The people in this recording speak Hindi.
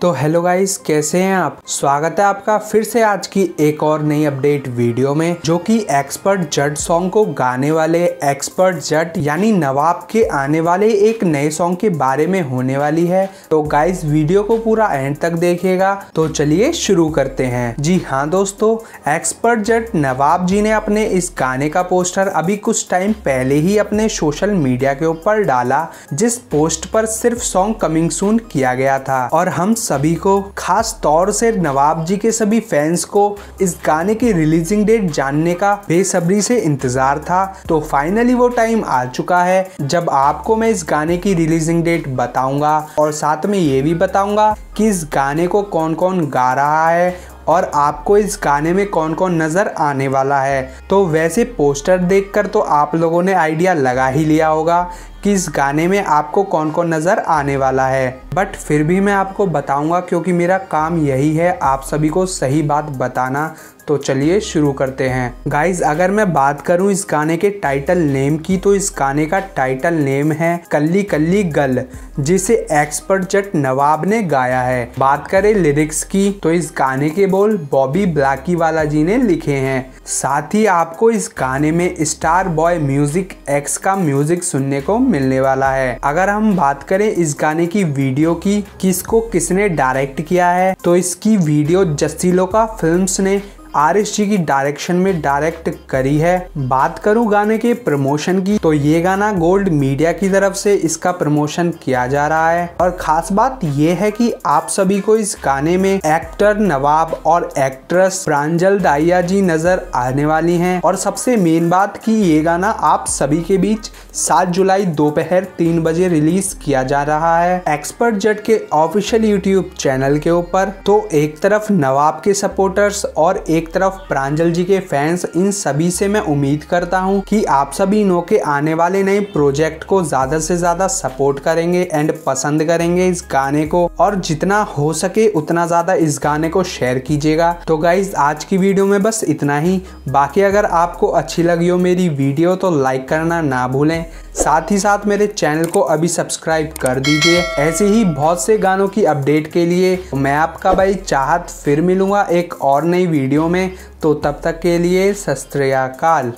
तो हेलो गाइस कैसे हैं आप स्वागत है आपका फिर से आज की एक और नई अपडेट वीडियो में जो कि एक्सपर्ट जट सॉन्ग को गाने वाले एक्सपर्ट जट यानी नवाब के आने वाले एक नए सॉन्ग के बारे में होने वाली है तो गाइस वीडियो को पूरा एंड तक देखिएगा तो चलिए शुरू करते हैं जी हाँ दोस्तों एक्सपर्ट जट नवाब जी ने अपने इस गाने का पोस्टर अभी कुछ टाइम पहले ही अपने सोशल मीडिया के ऊपर डाला जिस पोस्ट पर सिर्फ सॉन्ग कमिंग सून किया गया था और हम सभी को खास तौर से नवाब जी के सभी फैंस को इस गाने की रिलीजिंग डेट जानने का बेसब्री से इंतजार था तो फाइनली वो टाइम आ चुका है जब आपको मैं इस गाने की रिलीजिंग डेट बताऊंगा और साथ में ये भी बताऊंगा कि इस गाने को कौन कौन गा रहा है और आपको इस गाने में कौन कौन नज़र आने वाला है तो वैसे पोस्टर देखकर तो आप लोगों ने आइडिया लगा ही लिया होगा कि इस गाने में आपको कौन कौन नज़र आने वाला है बट फिर भी मैं आपको बताऊंगा क्योंकि मेरा काम यही है आप सभी को सही बात बताना तो चलिए शुरू करते हैं गाइज अगर मैं बात करूं इस गाने के टाइटल नेम की तो इस गाने का टाइटल नेम है कल्ली कल्ली गल जिसे एक्सपर्ट जट नवाब ने गाया है बात करें लिरिक्स की तो इस गाने के बोल बॉबी ब्लैकी वाला जी ने लिखे हैं साथ ही आपको इस गाने में स्टार बॉय म्यूजिक एक्स का म्यूजिक सुनने को मिलने वाला है अगर हम बात करें इस गाने की वीडियो की किसको किसने डायरेक्ट किया है तो इसकी वीडियो जस्सीलो का फिल्म ने आर एस जी की डायरेक्शन में डायरेक्ट करी है बात करूँ गाने के प्रमोशन की तो ये गाना गोल्ड मीडिया की तरफ से इसका प्रमोशन किया जा रहा है और खास बात यह है कि आप सभी को इस गाने में एक्टर नवाब और एक्ट्रेस प्रांजल दाइया जी नजर आने वाली हैं और सबसे मेन बात की ये गाना आप सभी के बीच सात जुलाई दोपहर तीन बजे रिलीज किया जा रहा है एक्सपर्ट जट के ऑफिशियल यूट्यूब चैनल के ऊपर तो एक तरफ नवाब के सपोर्टर्स और एक एक तरफ प्रांजल जी के फैंस इन सभी से मैं उम्मीद करता हूँ कि आप सभी इनो के आने वाले नए प्रोजेक्ट को ज्यादा से ज्यादा सपोर्ट करेंगे एंड पसंद करेंगे इस गाने को और जितना हो सके उतना ज्यादा इस गाने को शेयर कीजिएगा तो गाइज आज की वीडियो में बस इतना ही बाकी अगर आपको अच्छी लगी हो मेरी वीडियो तो लाइक करना ना भूलें साथ ही साथ मेरे चैनल को अभी सब्सक्राइब कर दीजिए ऐसे ही बहुत से गानों की अपडेट के लिए मैं आपका भाई चाहत फिर मिलूंगा एक और नई वीडियो में तो तब तक के लिए सस्त्रियाकाल